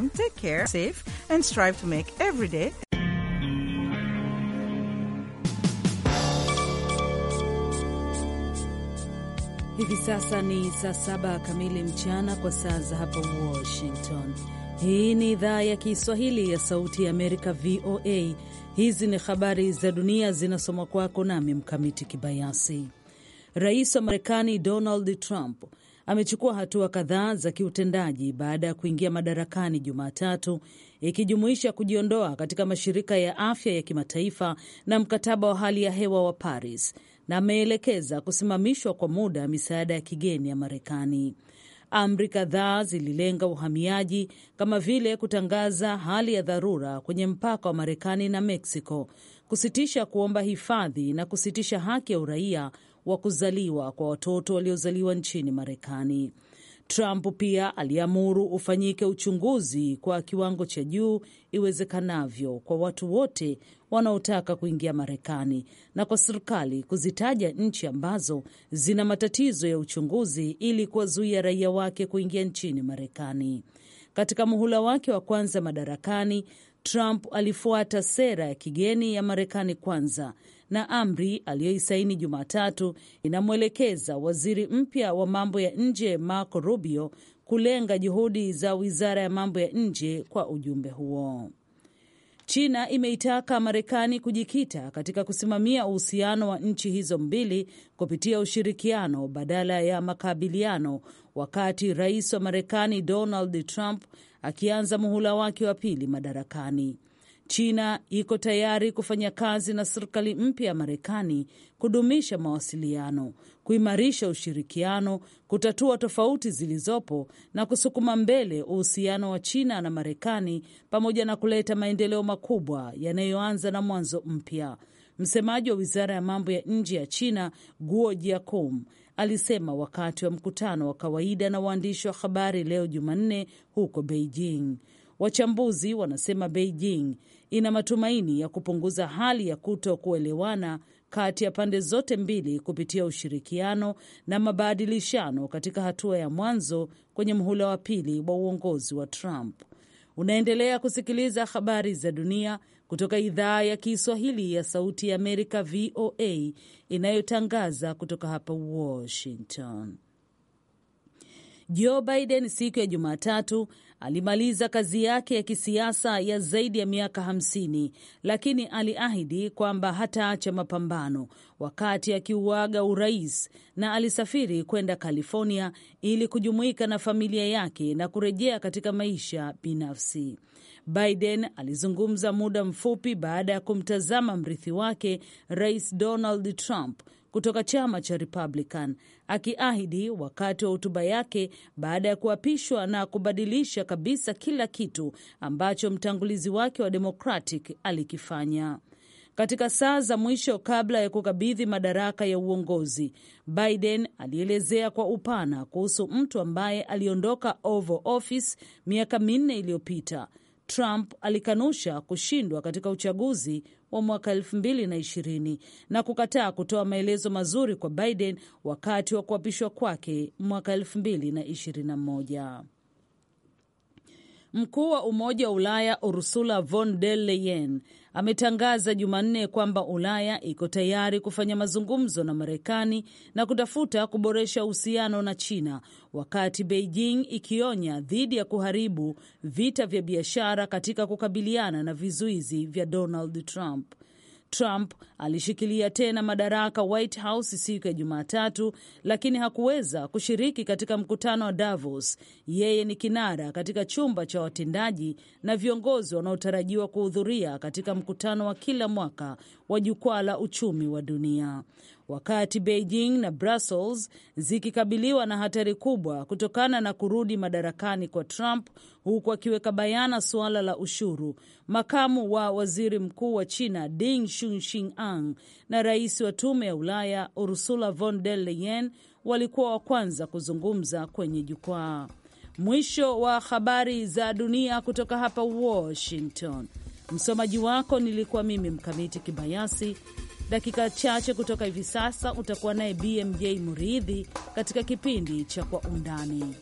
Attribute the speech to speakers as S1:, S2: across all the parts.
S1: time, take care, safe, and strive to make every day. Hivi sasa ni saa saba kamili mchana kwa saa za hapa Washington. Hii ni idhaa ya Kiswahili ya Sauti ya Amerika, VOA. Hizi ni habari za dunia zinasomwa kwako nami Mkamiti Kibayasi. Rais wa Marekani Donald Trump amechukua hatua kadhaa za kiutendaji baada ya kuingia madarakani Jumatatu, ikijumuisha kujiondoa katika mashirika ya afya ya kimataifa na mkataba wa hali ya hewa wa Paris, na ameelekeza kusimamishwa kwa muda misaada ya kigeni ya Marekani. Amri kadhaa zililenga uhamiaji kama vile kutangaza hali ya dharura kwenye mpaka wa Marekani na Meksiko, kusitisha kuomba hifadhi na kusitisha haki ya uraia wa kuzaliwa kwa watoto waliozaliwa nchini Marekani. Trump pia aliamuru ufanyike uchunguzi kwa kiwango cha juu iwezekanavyo kwa watu wote wanaotaka kuingia Marekani na kwa serikali kuzitaja nchi ambazo zina matatizo ya uchunguzi ili kuwazuia raia wake kuingia nchini Marekani. Katika muhula wake wa kwanza madarakani, Trump alifuata sera ya kigeni ya Marekani kwanza na amri aliyoisaini Jumatatu inamwelekeza waziri mpya wa mambo ya nje Marco Rubio kulenga juhudi za wizara ya mambo ya nje kwa ujumbe huo. China imeitaka Marekani kujikita katika kusimamia uhusiano wa nchi hizo mbili kupitia ushirikiano badala ya makabiliano, wakati rais wa Marekani Donald Trump akianza muhula wake wa pili madarakani. China iko tayari kufanya kazi na serikali mpya ya Marekani kudumisha mawasiliano, kuimarisha ushirikiano, kutatua tofauti zilizopo na kusukuma mbele uhusiano wa China na Marekani pamoja na kuleta maendeleo makubwa yanayoanza na mwanzo mpya. Msemaji wa wizara ya mambo ya nje ya China Guo Jiakun alisema wakati wa mkutano wa kawaida na waandishi wa habari leo Jumanne huko Beijing. Wachambuzi wanasema Beijing ina matumaini ya kupunguza hali ya kuto kuelewana kati ya pande zote mbili kupitia ushirikiano na mabadilishano katika hatua ya mwanzo kwenye mhula wa pili wa uongozi wa Trump. Unaendelea kusikiliza habari za dunia kutoka idhaa ya Kiswahili ya Sauti ya Amerika, VOA, inayotangaza kutoka hapa Washington. Joe Biden siku ya Jumatatu Alimaliza kazi yake ya kisiasa ya zaidi ya miaka hamsini, lakini aliahidi kwamba hataacha mapambano wakati akiuaga urais, na alisafiri kwenda California ili kujumuika na familia yake na kurejea katika maisha binafsi. Biden alizungumza muda mfupi baada ya kumtazama mrithi wake Rais Donald Trump kutoka chama cha Republican akiahidi wakati wa hotuba yake baada ya kuapishwa na kubadilisha kabisa kila kitu ambacho mtangulizi wake wa Democratic alikifanya. Katika saa za mwisho kabla ya kukabidhi madaraka ya uongozi, Biden alielezea kwa upana kuhusu mtu ambaye aliondoka Oval Office miaka minne iliyopita Trump alikanusha kushindwa katika uchaguzi wa mwaka 220 na kukataa kutoa maelezo mazuri kwa Biden wakati wa kuapishwa kwake mwaka 221 Mkuu wa Umoja wa Ulaya Ursula von der Leyen ametangaza Jumanne kwamba Ulaya iko tayari kufanya mazungumzo na Marekani na kutafuta kuboresha uhusiano na China, wakati Beijing ikionya dhidi ya kuharibu vita vya biashara katika kukabiliana na vizuizi vya Donald Trump. Trump alishikilia tena madaraka White House siku ya Jumatatu, lakini hakuweza kushiriki katika mkutano wa Davos. Yeye ni kinara katika chumba cha watendaji na viongozi wanaotarajiwa kuhudhuria katika mkutano wa kila mwaka wa jukwaa la uchumi wa dunia wakati Beijing na Brussels zikikabiliwa na hatari kubwa kutokana na kurudi madarakani kwa Trump, huku akiweka bayana suala la ushuru. Makamu wa waziri mkuu wa China Ding Ang na rais wa tume ya Ulaya Ursula von der Leyen walikuwa wa kwanza kuzungumza kwenye jukwaa. Mwisho wa habari za dunia kutoka hapa Washington. Msomaji wako nilikuwa mimi Mkamiti Kibayasi. Dakika chache kutoka hivi sasa utakuwa naye BMJ Muridhi katika kipindi cha Kwa Undani.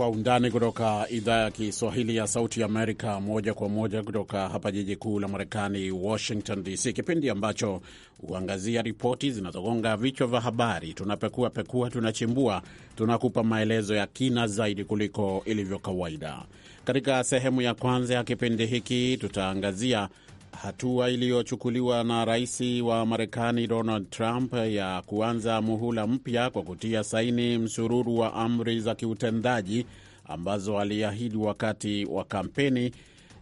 S2: Kwa Undani kutoka idhaa ya Kiswahili ya Sauti ya Amerika, moja kwa moja kutoka hapa jiji kuu la Marekani, Washington DC, kipindi ambacho huangazia ripoti zinazogonga vichwa vya habari. Tunapekua pekua, tunachimbua, tunakupa maelezo ya kina zaidi kuliko ilivyo kawaida. Katika sehemu ya kwanza ya kipindi hiki tutaangazia Hatua iliyochukuliwa na rais wa Marekani Donald Trump ya kuanza muhula mpya kwa kutia saini msururu wa amri za kiutendaji ambazo aliahidi wakati wa kampeni,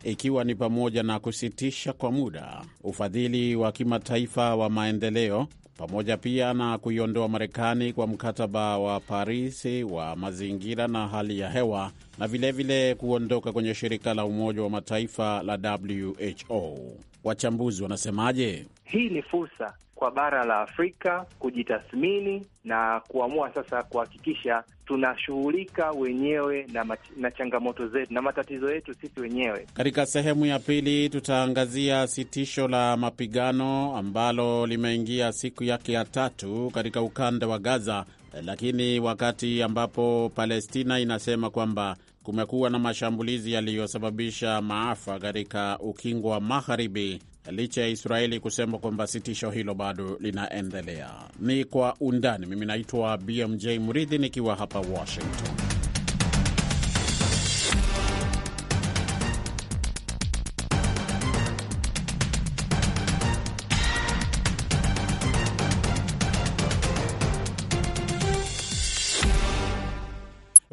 S2: ikiwa ni pamoja na kusitisha kwa muda ufadhili wa kimataifa wa maendeleo pamoja pia na kuiondoa Marekani kwa mkataba wa Paris wa mazingira na hali ya hewa na vilevile vile kuondoka kwenye shirika la Umoja wa Mataifa la WHO. Wachambuzi wanasemaje? Hii ni fursa
S3: kwa bara la Afrika kujitathmini na kuamua sasa kuhakikisha tunashughulika wenyewe na, na changamoto zetu na matatizo yetu sisi wenyewe.
S2: Katika sehemu ya pili tutaangazia sitisho la mapigano ambalo limeingia siku yake ya tatu katika ukanda wa Gaza, lakini wakati ambapo Palestina inasema kwamba kumekuwa na mashambulizi yaliyosababisha maafa katika ukingo wa magharibi licha ya Israeli kusema kwamba sitisho hilo bado linaendelea. Ni kwa undani. Mimi naitwa BMJ Mridhi nikiwa hapa Washington.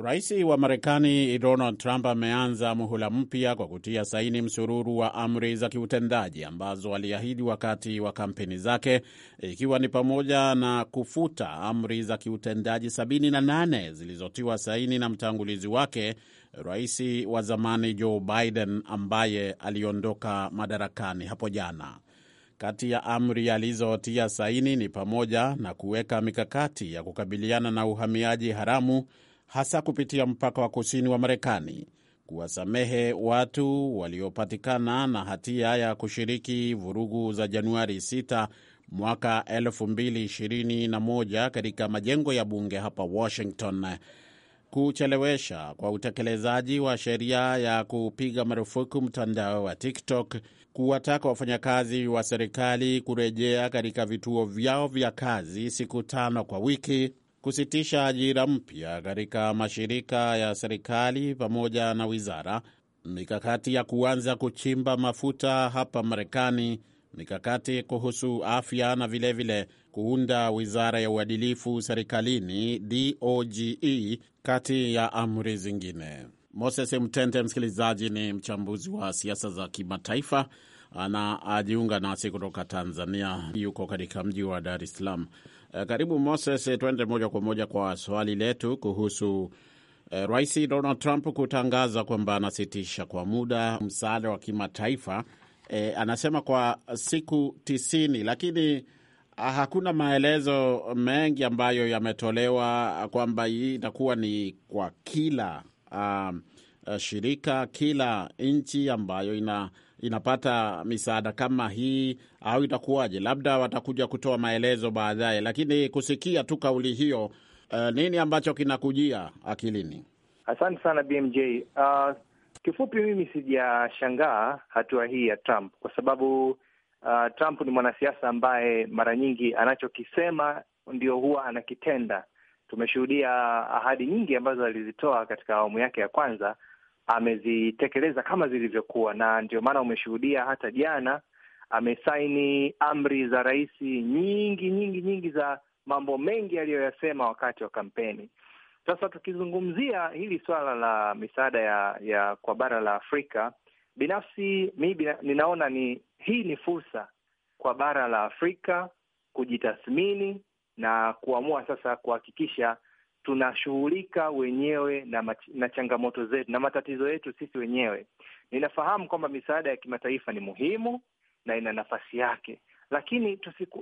S2: Rais wa Marekani Donald Trump ameanza muhula mpya kwa kutia saini msururu wa amri za kiutendaji ambazo aliahidi wakati wa kampeni zake, ikiwa ni pamoja na kufuta amri za kiutendaji 78 zilizotiwa saini na mtangulizi wake, rais wa zamani Joe Biden ambaye aliondoka madarakani hapo jana. Kati ya amri alizotia saini ni pamoja na kuweka mikakati ya kukabiliana na uhamiaji haramu hasa kupitia mpaka wa kusini wa Marekani, kuwasamehe watu waliopatikana na hatia ya kushiriki vurugu za Januari 6 mwaka 2021 katika majengo ya bunge hapa Washington, kuchelewesha kwa utekelezaji wa sheria ya kupiga marufuku mtandao wa TikTok, kuwataka wafanyakazi wa serikali kurejea katika vituo vyao vya kazi siku tano kwa wiki kusitisha ajira mpya katika mashirika ya serikali pamoja na wizara, mikakati ya kuanza kuchimba mafuta hapa Marekani, mikakati kuhusu afya na vilevile vile kuunda wizara ya uadilifu serikalini DOGE, kati ya amri zingine. Moses Mtente, msikilizaji, ni mchambuzi wa siasa za kimataifa anajiunga nasi kutoka Tanzania, yuko katika mji wa Dar es Salaam. Eh, karibu Moses, eh, tuende moja kwa moja kwa swali letu kuhusu uh, Rais Donald Trump kutangaza kwamba anasitisha kwa muda msaada wa kimataifa eh, anasema kwa siku tisini, lakini ah, hakuna maelezo mengi ambayo yametolewa kwamba hii itakuwa ni kwa kila um, shirika, kila nchi ambayo ina inapata misaada kama hii au itakuwaje? Labda watakuja kutoa maelezo baadaye, lakini kusikia tu kauli hiyo, uh, nini ambacho kinakujia akilini?
S3: Asante sana BMJ. Uh, ah, kifupi mimi sijashangaa hatua hii ya Trump kwa sababu uh, Trump ni mwanasiasa ambaye mara nyingi anachokisema ndio huwa anakitenda. Tumeshuhudia ahadi nyingi ambazo alizitoa katika awamu yake ya kwanza amezitekeleza kama zilivyokuwa, na ndio maana umeshuhudia hata jana amesaini amri za rais nyingi nyingi nyingi za mambo mengi aliyoyasema wakati wa kampeni. Sasa tukizungumzia hili swala la misaada ya, ya kwa bara la Afrika, binafsi mi bina, ninaona ni hii ni fursa kwa bara la Afrika kujitathmini na kuamua sasa kuhakikisha tunashughulika wenyewe na, na changamoto zetu na matatizo yetu sisi wenyewe. Ninafahamu kwamba misaada ya kimataifa ni muhimu na ina nafasi yake, lakini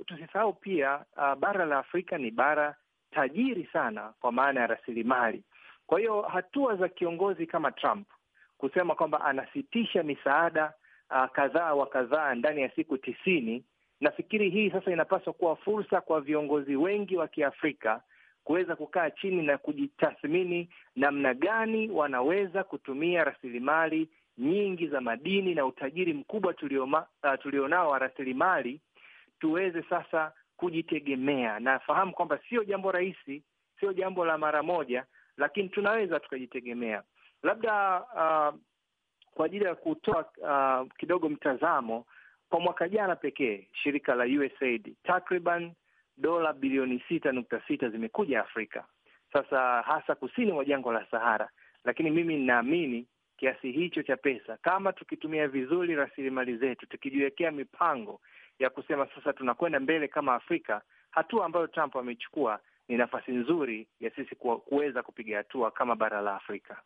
S3: tusisahau pia uh, bara la Afrika ni bara tajiri sana kwa maana ya rasilimali. Kwa hiyo hatua za kiongozi kama Trump kusema kwamba anasitisha misaada uh, kadhaa wa kadhaa ndani ya siku tisini, nafikiri hii sasa inapaswa kuwa fursa kwa viongozi wengi wa Kiafrika kuweza kukaa chini na kujitathmini namna gani wanaweza kutumia rasilimali nyingi za madini na utajiri mkubwa tulionao uh, tulio wa rasilimali tuweze sasa kujitegemea. Nafahamu kwamba sio jambo rahisi, sio jambo la mara moja, lakini tunaweza tukajitegemea. Labda uh, kwa ajili ya kutoa uh, kidogo mtazamo, kwa mwaka jana pekee shirika la USAID takriban dola bilioni sita nukta sita zimekuja Afrika, sasa hasa kusini mwa jangwa la Sahara. Lakini mimi ninaamini kiasi hicho cha pesa, kama tukitumia vizuri rasilimali zetu, tukijiwekea mipango ya kusema sasa tunakwenda mbele kama Afrika, hatua ambayo Trump amechukua ni nafasi nzuri ya sisi kuweza kupiga hatua kama bara la Afrika.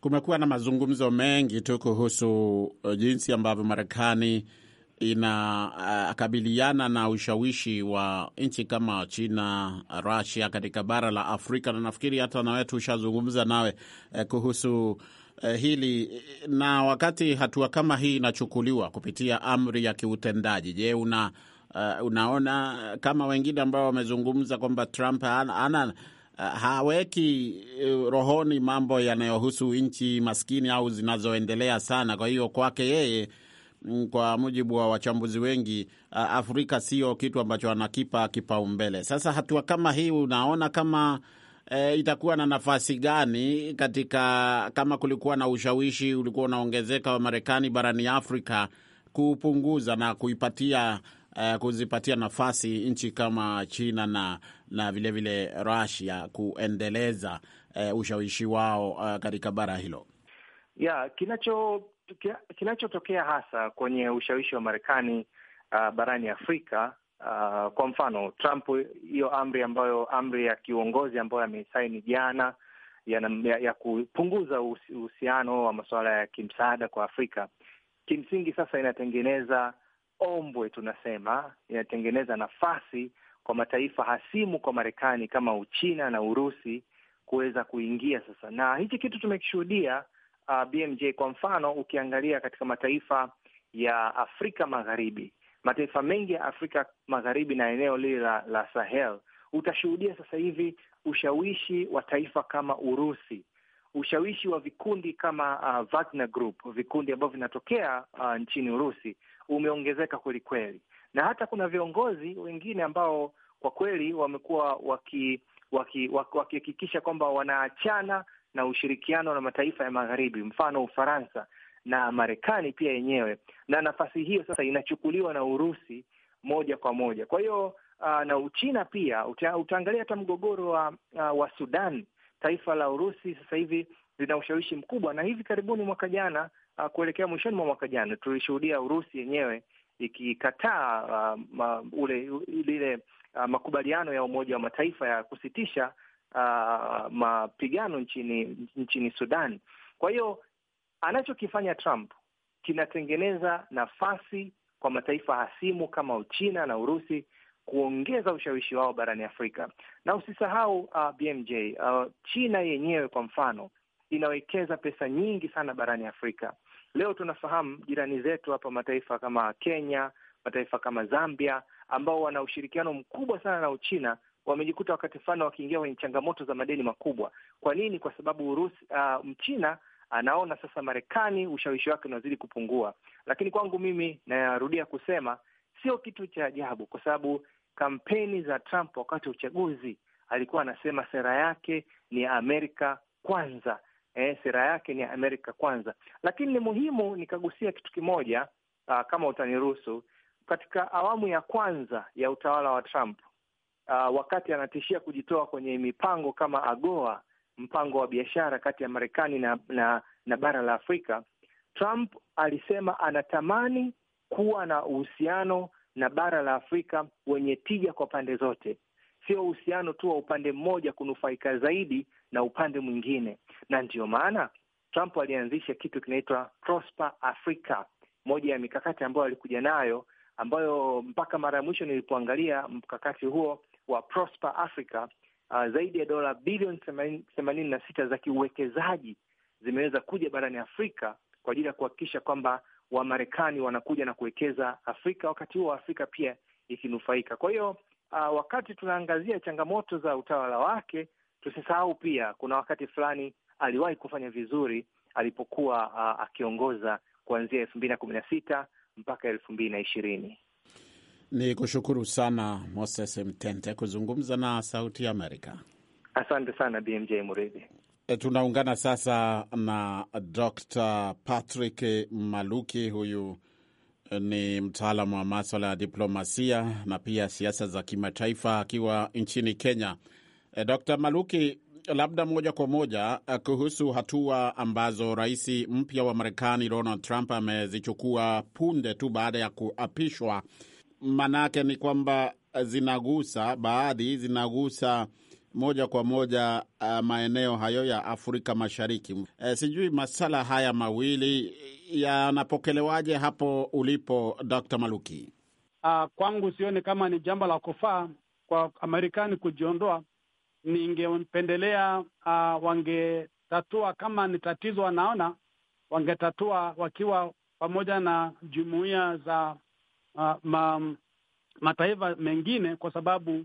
S2: Kumekuwa na mazungumzo mengi tu kuhusu uh, jinsi ambavyo Marekani inakabiliana eh, uh, na ushawishi wa nchi kama China, Russia katika bara la Afrika, na nafikiri hata nawe tushazungumza nawe eh, kuhusu eh, hili. Na wakati hatua kama hii inachukuliwa kupitia amri ya kiutendaji, je, una uh, unaona kama wengine ambao wamezungumza kwamba Trump ana, ana eh, haweki rohoni mambo yanayohusu nchi maskini au zinazoendelea sana. Kwa hiyo kwake yeye Mm, kwa mujibu wa wachambuzi wengi, Afrika sio kitu ambacho anakipa kipaumbele. Sasa hatua kama hii unaona kama E, itakuwa na nafasi gani katika kama kulikuwa na ushawishi ulikuwa unaongezeka wa Marekani barani Afrika kupunguza na kuipatia Uh, kuzipatia nafasi nchi kama China na na vilevile vile Russia kuendeleza uh, ushawishi wao uh, katika bara hilo.
S3: Yeah, kinacho kinachotokea hasa kwenye ushawishi wa Marekani uh, barani Afrika uh, kwa mfano Trump, hiyo amri ambayo amri ya kiuongozi ambayo amesaini jana ya, ya, ya kupunguza uhusiano wa masuala ya kimsaada kwa Afrika, kimsingi sasa inatengeneza ombwe, tunasema inatengeneza nafasi kwa mataifa hasimu kwa Marekani kama Uchina na Urusi kuweza kuingia sasa, na hichi kitu tumekishuhudia uh, ah, BMJ kwa mfano, ukiangalia katika mataifa ya Afrika Magharibi, mataifa mengi ya Afrika Magharibi na eneo lile la, la Sahel, utashuhudia sasa hivi ushawishi wa taifa kama Urusi, ushawishi wa vikundi kama uh, Wagner Group, vikundi ambavyo vinatokea uh, nchini Urusi umeongezeka kweli kweli, na hata kuna viongozi wengine ambao kwa kweli wamekuwa wakihakikisha waki, waki, waki kwamba wanaachana na ushirikiano na mataifa ya magharibi, mfano Ufaransa na Marekani pia yenyewe, na nafasi hiyo sasa inachukuliwa na Urusi moja kwa moja. Kwa hiyo uh, na Uchina pia uta, utaangalia hata mgogoro wa uh, wa Sudan, taifa la Urusi sasa hivi lina ushawishi mkubwa, na hivi karibuni mwaka jana uh, kuelekea mwishoni mwa mwaka jana tulishuhudia Urusi yenyewe ikikataa uh, ule lile uh, makubaliano ya Umoja wa Mataifa ya kusitisha uh, mapigano nchini nchini Sudan. Kwa hiyo anachokifanya Trump kinatengeneza nafasi kwa mataifa hasimu kama Uchina na Urusi kuongeza ushawishi wao barani Afrika. Na usisahau uh, ah, BMJ uh, ah, China yenyewe kwa mfano inawekeza pesa nyingi sana barani Afrika. Leo tunafahamu jirani zetu hapa, mataifa kama Kenya, mataifa kama Zambia ambao wana ushirikiano mkubwa sana na Uchina wamejikuta wakati fulani wakiingia kwenye changamoto za madeni makubwa. Kwa nini? Kwa sababu Urusi, uh, Mchina anaona sasa Marekani ushawishi wake unazidi kupungua. Lakini kwangu mimi, narudia kusema sio kitu cha ajabu, kwa sababu kampeni za Trump wakati wa uchaguzi alikuwa anasema sera yake ni ya Amerika kwanza. Eh, sera yake ni ya Amerika kwanza. Lakini ni muhimu nikagusia kitu kimoja, uh, kama utaniruhusu. Katika awamu ya kwanza ya utawala wa Trump uh, wakati anatishia kujitoa kwenye mipango kama AGOA, mpango wa biashara kati ya Marekani na, na, na bara la Afrika, Trump alisema anatamani kuwa na uhusiano na bara la Afrika wenye tija kwa pande zote, sio uhusiano tu wa upande mmoja kunufaika zaidi na upande mwingine. Na ndiyo maana Trump alianzisha kitu kinaitwa Prosper Africa, moja ya mikakati ambayo alikuja nayo, ambayo mpaka mara ya mwisho nilipoangalia mkakati huo wa Prosper Africa uh, zaidi ya dola bilioni themanini na sita za kiuwekezaji zimeweza kuja barani Afrika kwa ajili ya kuhakikisha kwamba Wamarekani wanakuja na kuwekeza Afrika, wakati huo Afrika pia ikinufaika. Kwa hiyo uh, wakati tunaangazia changamoto za utawala wake, tusisahau pia kuna wakati fulani aliwahi kufanya vizuri alipokuwa uh, akiongoza kuanzia elfu mbili na kumi na sita mpaka elfu mbili na ishirini.
S2: Ni kushukuru sana Moses Mtente kuzungumza na Sauti Amerika.
S3: Asante sana BMJ Muridhi.
S2: E, tunaungana sasa na Dr Patrick Maluki. Huyu e, ni mtaalamu wa maswala ya diplomasia na pia siasa za kimataifa akiwa nchini Kenya. E, Dr Maluki, labda moja kwa moja e, kuhusu hatua ambazo rais mpya wa Marekani Donald Trump amezichukua punde tu baada ya kuapishwa maanake ni kwamba eh, zinagusa baadhi, zinagusa moja kwa moja uh, maeneo hayo ya Afrika Mashariki. Uh, sijui masala haya mawili yanapokelewaje hapo ulipo Dr. Maluki?
S4: Uh, kwangu sioni kama ni jambo la kufaa kwa Amerikani kujiondoa. Ningependelea uh, wangetatua kama ni tatizo wanaona wangetatua wakiwa pamoja na jumuiya za ma, mataifa mengine, kwa sababu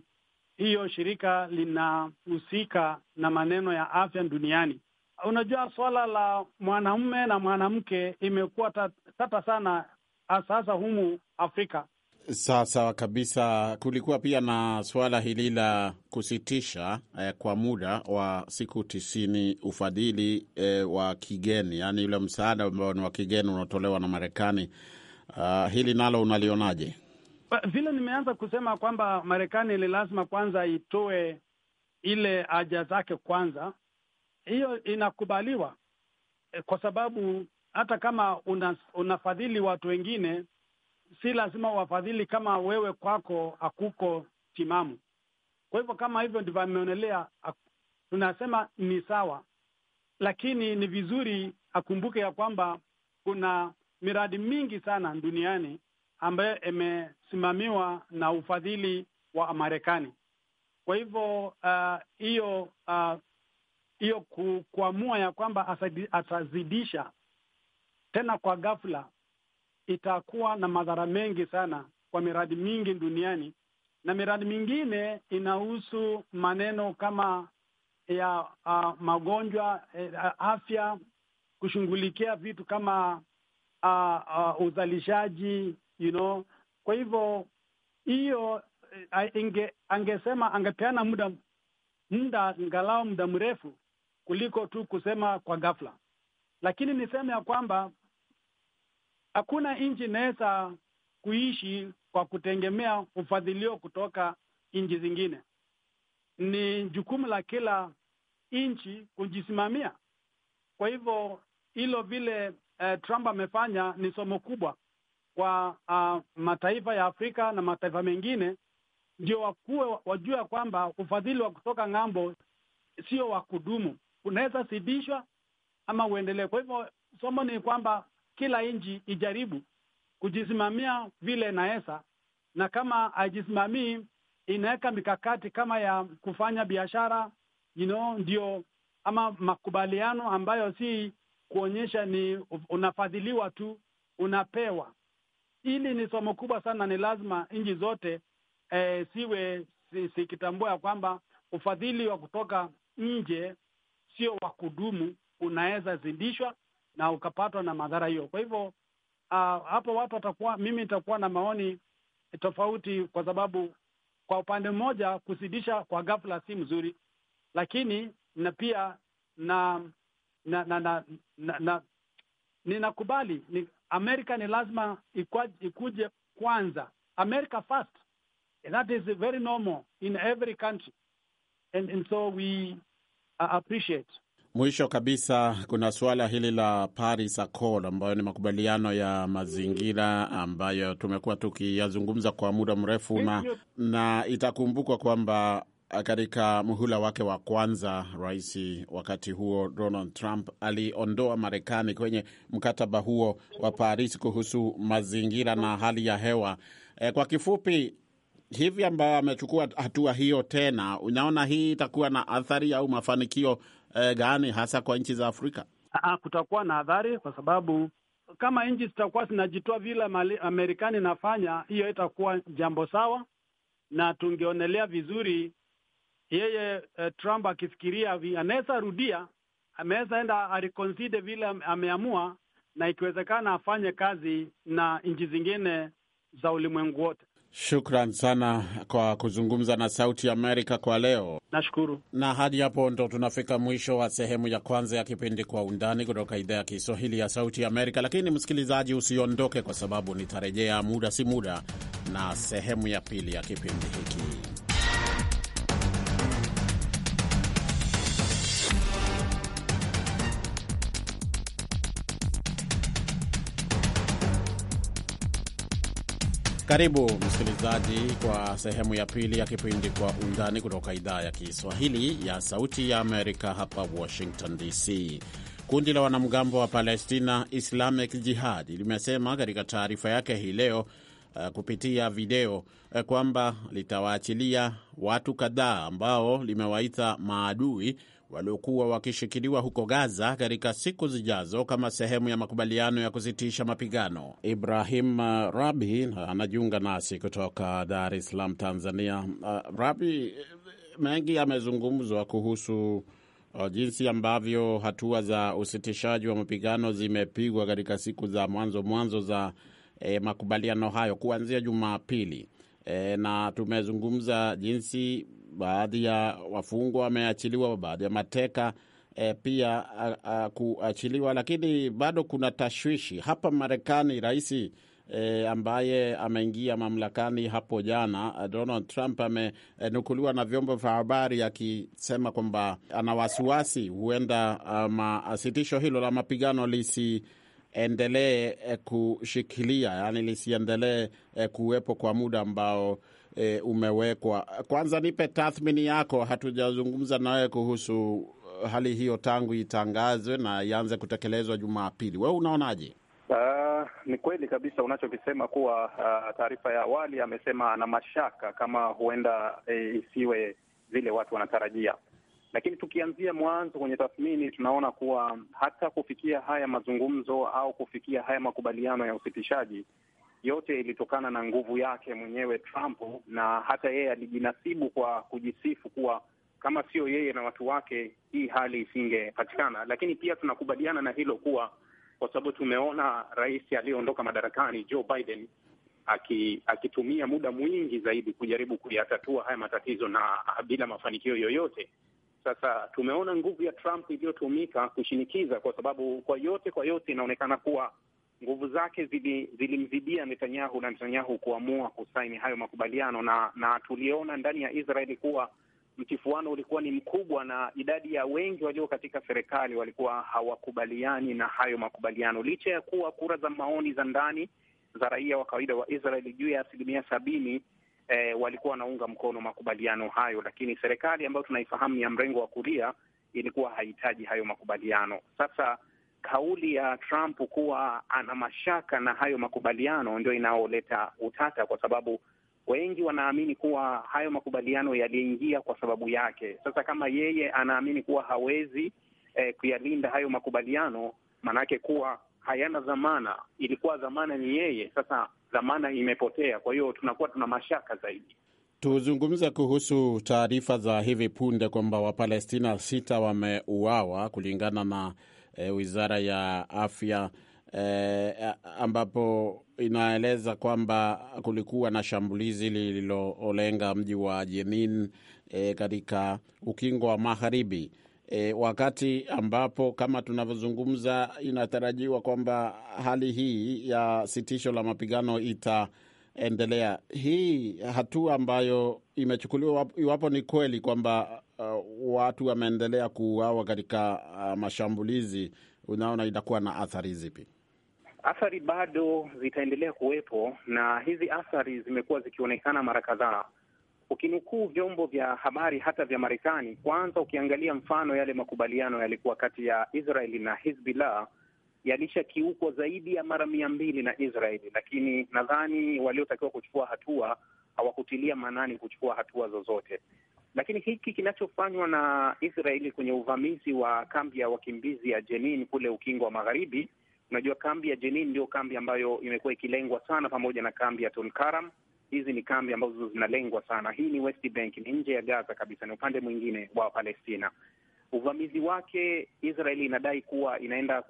S4: hiyo shirika linahusika na maneno ya afya duniani. Unajua, swala la mwanamume na mwanamke imekuwa tata sana sasa humu Afrika.
S2: Sawasawa kabisa. Kulikuwa pia na suala hili la kusitisha eh, kwa muda wa siku tisini ufadhili eh, wa kigeni, yaani ule msaada ambao ni wa kigeni unaotolewa na Marekani Uh, hili nalo unalionaje?
S4: Vile nimeanza kusema kwamba Marekani ni lazima kwanza itoe ile haja zake kwanza, hiyo inakubaliwa eh, kwa sababu hata kama una, unafadhili watu wengine, si lazima wafadhili kama wewe kwako hakuko timamu. Kwa hivyo kama hivyo ndivyo ameonelea, tunasema ni sawa, lakini ni vizuri akumbuke ya kwamba kuna miradi mingi sana duniani ambayo imesimamiwa na ufadhili wa Marekani. Kwa hivyo uh, hiyo uh, hiyo uh, kuamua ya kwamba atazidisha tena kwa ghafla itakuwa na madhara mengi sana kwa miradi mingi duniani, na miradi mingine inahusu maneno kama ya uh, magonjwa, uh, afya, kushughulikia vitu kama uh, uh, uzalishaji you know. Kwa hivyo hiyo eh, inge, angesema angepeana muda muda ngalau muda mrefu kuliko tu kusema kwa ghafla, lakini niseme ya kwamba hakuna nchi inaweza kuishi kwa kutegemea ufadhilio kutoka nchi zingine. Ni jukumu la kila nchi kujisimamia. Kwa hivyo hilo vile eh, Trump amefanya ni somo kubwa kwa uh, mataifa ya Afrika na mataifa mengine, ndio wakuwe wajua kwamba ufadhili wa kutoka ng'ambo sio wa kudumu, unaweza sidishwa ama uendelee. Kwa hivyo somo ni kwamba kila nchi ijaribu kujisimamia vile inaweza, na kama haijisimamii inaweka mikakati kama ya kufanya biashara you know, ndio ama makubaliano ambayo si kuonyesha ni unafadhiliwa tu, unapewa. Hili ni somo kubwa sana, ni lazima nchi zote eh, siwe sikitambua si ya kwamba ufadhili wa kutoka nje sio wa kudumu, unaweza zidishwa na ukapatwa na madhara hiyo. Kwa hivyo uh, hapo watu watakuwa, mimi nitakuwa na maoni tofauti, kwa sababu kwa upande mmoja kuzidisha kwa ghafla si mzuri, lakini na pia na na, na, na, na, na ninakubali ni, Amerika ni lazima ikuje kwanza, America first and that is very normal in every country and, and so we uh, appreciate.
S2: Mwisho kabisa kuna suala hili la Paris Accord ambayo ni makubaliano ya mazingira ambayo tumekuwa tukiyazungumza kwa muda mrefu na, na itakumbukwa kwamba katika muhula wake wa kwanza, rais wakati huo Donald Trump aliondoa Marekani kwenye mkataba huo wa Paris kuhusu mazingira na hali ya hewa. E, kwa kifupi hivi ambayo amechukua hatua hiyo tena, unaona hii itakuwa na athari au mafanikio e, gani hasa kwa nchi za Afrika?
S4: Aa, ah, ah, kutakuwa na athari kwa sababu kama nchi zitakuwa zinajitoa vile Marekani inafanya, hiyo itakuwa jambo sawa na tungeonelea vizuri yeye eh, Trump akifikiria anaweza rudia, ameweza enda arikonside vile ameamua, na ikiwezekana afanye kazi na nchi zingine za ulimwengu wote.
S2: Shukran sana kwa kuzungumza na Sauti Amerika kwa leo, nashukuru. Na hadi hapo ndo tunafika mwisho wa sehemu ya kwanza ya kipindi Kwa Undani kutoka idhaa ya Kiswahili ya Sauti Amerika. Lakini msikilizaji, usiondoke, kwa sababu nitarejea muda si muda na sehemu ya pili ya kipindi hiki. Karibu msikilizaji kwa sehemu ya pili ya kipindi Kwa Undani kutoka idhaa ya Kiswahili ya Sauti ya Amerika, hapa Washington DC. Kundi la wanamgambo wa Palestina Islamic Jihad limesema katika taarifa yake hii leo uh, kupitia video uh, kwamba litawaachilia watu kadhaa ambao limewaita maadui waliokuwa wakishikiliwa huko Gaza katika siku zijazo kama sehemu ya makubaliano ya kusitisha mapigano. Ibrahim uh, Rabi uh, anajiunga nasi kutoka Dar es Salaam, Tanzania. Uh, Rabi, mengi yamezungumzwa kuhusu jinsi ambavyo hatua za usitishaji wa mapigano zimepigwa katika siku za mwanzo mwanzo za e, makubaliano hayo kuanzia Jumapili. E, na tumezungumza jinsi baadhi ya wafungwa wameachiliwa, baadhi ya mateka e, pia a, a, kuachiliwa, lakini bado kuna tashwishi hapa Marekani. Rais E, ambaye ameingia mamlakani hapo jana eh, Donald Trump amenukuliwa na vyombo vya habari akisema kwamba ana wasiwasi huenda ah, sitisho hilo la mapigano lisiendelee kushikilia, yani lisiendelee kuwepo kwa muda ambao e, umewekwa. Kwanza nipe tathmini yako, hatujazungumza nawe kuhusu uh, hali hiyo tangu itangazwe na ianze kutekelezwa Jumapili. Wewe unaonaje?
S5: Uh, ni kweli kabisa unachokisema kuwa uh, taarifa ya awali amesema ana mashaka kama huenda eh, isiwe vile watu wanatarajia, lakini tukianzia mwanzo kwenye tathmini tunaona kuwa hata kufikia haya mazungumzo au kufikia haya makubaliano ya usitishaji yote ilitokana na nguvu yake mwenyewe Trump, na hata yeye alijinasibu kwa kujisifu kuwa kama sio yeye na watu wake hii hali isingepatikana. Lakini pia tunakubaliana na hilo kuwa, kwa sababu tumeona rais aliyeondoka madarakani Joe Biden akitumia aki muda mwingi zaidi kujaribu kuyatatua haya matatizo na bila mafanikio yoyote. Sasa tumeona nguvu ya Trump iliyotumika kushinikiza, kwa sababu kwa yote kwa yote inaonekana kuwa nguvu zake zilimzidia zili Netanyahu na Netanyahu kuamua kusaini hayo makubaliano, na na tuliona ndani ya Israeli kuwa mtifuano ulikuwa ni mkubwa, na idadi ya wengi walio katika serikali walikuwa hawakubaliani na hayo makubaliano, licha ya kuwa kura za maoni za ndani za raia wa kawaida wa Israeli juu ya asilimia sabini eh, walikuwa wanaunga mkono makubaliano hayo, lakini serikali ambayo tunaifahamu ya mrengo wa kulia ilikuwa hahitaji hayo makubaliano. Sasa kauli ya Trump kuwa ana mashaka na hayo makubaliano ndio inaoleta utata, kwa sababu wengi wanaamini kuwa hayo makubaliano yaliingia kwa sababu yake. Sasa kama yeye anaamini kuwa hawezi eh, kuyalinda hayo makubaliano, maanake kuwa hayana dhamana, ilikuwa dhamana ni yeye, sasa dhamana imepotea. Kwa hiyo tunakuwa tuna mashaka zaidi.
S2: Tuzungumze kuhusu taarifa za hivi punde kwamba Wapalestina sita wameuawa kulingana na e, wizara ya afya e, ambapo inaeleza kwamba kulikuwa na shambulizi lililolenga mji wa Jenin e, katika ukingo wa magharibi e, wakati ambapo kama tunavyozungumza inatarajiwa kwamba hali hii ya sitisho la mapigano itaendelea. Hii hatua ambayo imechukuliwa, iwapo ni kweli kwamba uh, watu wameendelea kuuawa katika uh, mashambulizi, unaona itakuwa na athari zipi?
S5: Athari bado zitaendelea kuwepo, na hizi athari zimekuwa zikionekana mara kadhaa. Ukinukuu vyombo vya habari hata vya Marekani, kwanza ukiangalia mfano yale makubaliano yalikuwa kati ya Israeli na Hizbillah yalishakiukwa zaidi ya mara mia mbili na Israeli, lakini nadhani waliotakiwa kuchukua hatua hawakutilia maanani kuchukua hatua zozote. Lakini hiki kinachofanywa na Israeli kwenye uvamizi wa kambi ya wakimbizi ya Jenin kule ukingo wa magharibi, unajua kambi ya Jenin ndio kambi ambayo imekuwa ikilengwa sana, pamoja na kambi ya Tulkaram. Hizi ni kambi ambazo zinalengwa sana. Hii ni West Bank, ni nje ya Gaza kabisa, ni upande mwingine wa Palestina. Uvamizi wake Israeli inadai kuwa inaenda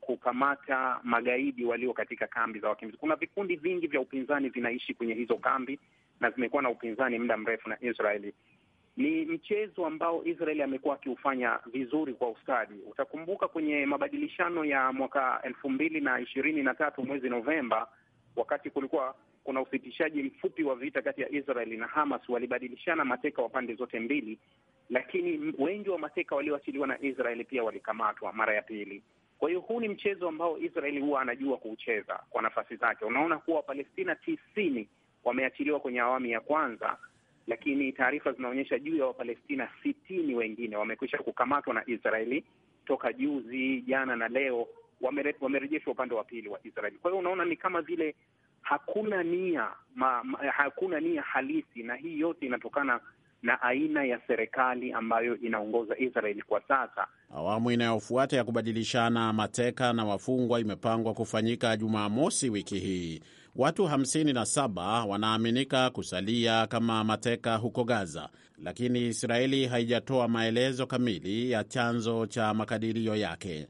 S5: kukamata ku, ku, magaidi walio katika kambi za wakimbizi. Kuna vikundi vingi vya upinzani vinaishi kwenye hizo kambi na zimekuwa na upinzani muda mrefu na Israeli. Ni mchezo ambao Israeli amekuwa akiufanya vizuri kwa ustadi. Utakumbuka kwenye mabadilishano ya mwaka elfu mbili na ishirini na tatu mwezi Novemba, wakati kulikuwa kuna usitishaji mfupi wa vita kati ya Israeli na Hamas, walibadilishana mateka wa pande zote mbili, lakini wengi wa mateka walioachiliwa na Israeli pia walikamatwa mara ya pili. Kwa hiyo huu ni mchezo ambao Israeli huwa anajua kuucheza kwa nafasi zake. Unaona kuwa Wapalestina tisini wameachiliwa kwenye awamu ya kwanza, lakini taarifa zinaonyesha juu ya Wapalestina sitini wengine wamekwisha kukamatwa na Israeli toka juzi, jana na leo wamerejeshwa upande wa pili wa Israeli. Kwa hiyo unaona ni kama vile hakuna nia ma, ma, hakuna nia halisi, na hii yote inatokana na aina ya serikali ambayo inaongoza Israeli kwa sasa.
S2: Awamu inayofuata ya kubadilishana mateka na wafungwa imepangwa kufanyika Jumamosi wiki hii. Watu 57 wanaaminika kusalia kama mateka huko Gaza, lakini Israeli haijatoa maelezo kamili ya chanzo cha makadirio yake.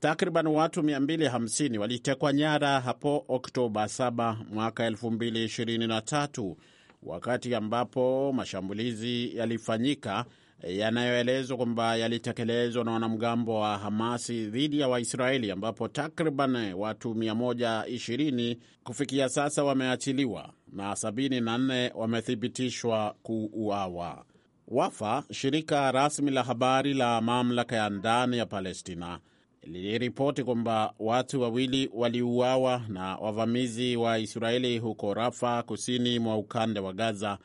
S2: Takriban watu 250 walitekwa nyara hapo Oktoba 7 mwaka 2023 wakati ambapo mashambulizi yalifanyika yanayoelezwa kwamba yalitekelezwa na wanamgambo wa Hamasi dhidi ya Waisraeli, ambapo takriban watu 120 kufikia sasa wameachiliwa na 74 wamethibitishwa kuuawa. Wafa, shirika rasmi la habari la mamlaka ya ndani ya Palestina, liliripoti kwamba watu wawili waliuawa na wavamizi wa Israeli huko Rafa, kusini mwa ukanda wa Gaza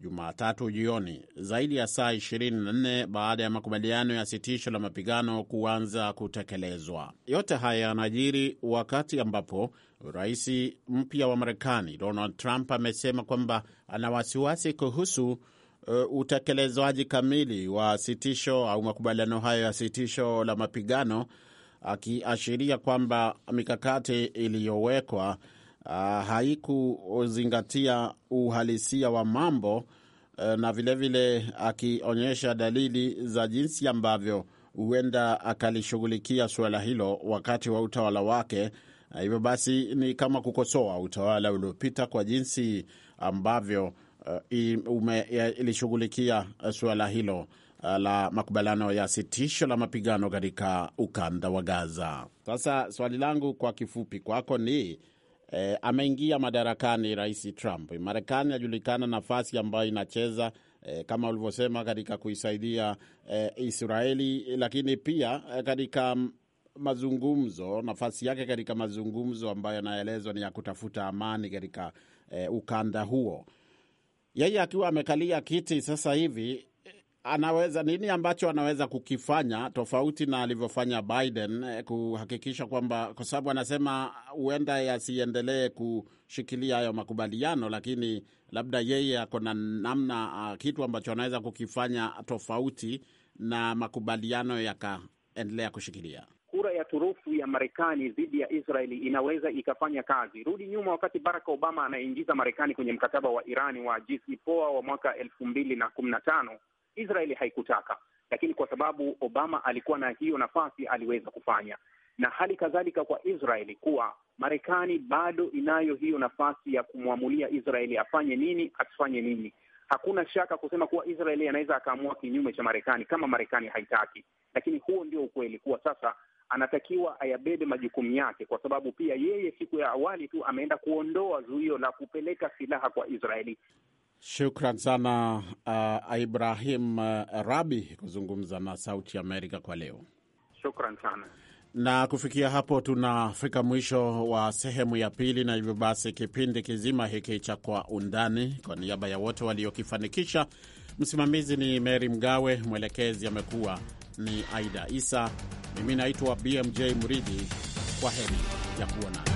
S2: Jumatatu jioni, zaidi ya saa 24 baada ya makubaliano ya sitisho la mapigano kuanza kutekelezwa. Yote haya yanajiri wakati ambapo rais mpya wa Marekani Donald Trump amesema kwamba ana wasiwasi kuhusu uh, utekelezwaji kamili wa sitisho au makubaliano hayo ya sitisho la mapigano, akiashiria kwamba mikakati iliyowekwa uh, haikuzingatia uhalisia wa mambo uh, na vilevile akionyesha dalili za jinsi ambavyo huenda akalishughulikia suala hilo wakati wa utawala wake. Ah, hivyo basi ni kama kukosoa utawala uliopita kwa jinsi ambavyo uh, ilishughulikia eh, suala hilo uh, la makubaliano ya sitisho la mapigano katika ukanda wa Gaza. Sasa swali langu kwa kifupi kwako ni E, ameingia madarakani Rais Trump. Marekani inajulikana nafasi ambayo inacheza e, kama ulivyosema katika kuisaidia e, Israeli, lakini pia katika mazungumzo, nafasi yake katika mazungumzo ambayo yanaelezwa ni ya kutafuta amani katika e, ukanda huo, yeye akiwa amekalia kiti sasa hivi anaweza nini ambacho anaweza kukifanya tofauti na alivyofanya Biden eh, kuhakikisha kwamba, kwa sababu anasema huenda yasiendelee kushikilia hayo makubaliano, lakini labda yeye ako na namna, ah, kitu ambacho anaweza kukifanya tofauti na makubaliano yakaendelea kushikilia
S5: kura ya turufu ya Marekani dhidi ya Israeli inaweza ikafanya kazi. Rudi nyuma, wakati Barack Obama anaingiza Marekani kwenye mkataba wa Irani wa JCPOA wa mwaka elfu mbili na kumi na tano Israeli haikutaka, lakini kwa sababu Obama alikuwa na hiyo nafasi aliweza kufanya, na hali kadhalika kwa Israeli kuwa Marekani bado inayo hiyo nafasi ya kumwamulia Israeli afanye nini asifanye nini. Hakuna shaka kusema kuwa Israeli anaweza akaamua kinyume cha Marekani kama Marekani haitaki, lakini huo ndio ukweli kuwa sasa anatakiwa ayabebe majukumu yake, kwa sababu pia yeye siku ya awali tu ameenda kuondoa zuio la kupeleka silaha kwa Israeli.
S2: Shukran sana uh, Ibrahim uh, Rabi kuzungumza na Sauti Amerika kwa leo.
S5: Shukran sana
S2: na kufikia hapo tunafika mwisho wa sehemu ya pili, na hivyo basi kipindi kizima hiki cha Kwa Undani, kwa niaba ya wote waliokifanikisha, msimamizi ni Meri Mgawe, mwelekezi amekuwa ni Aida Isa, mimi naitwa BMJ Mridhi. Kwa heri ya kuonana.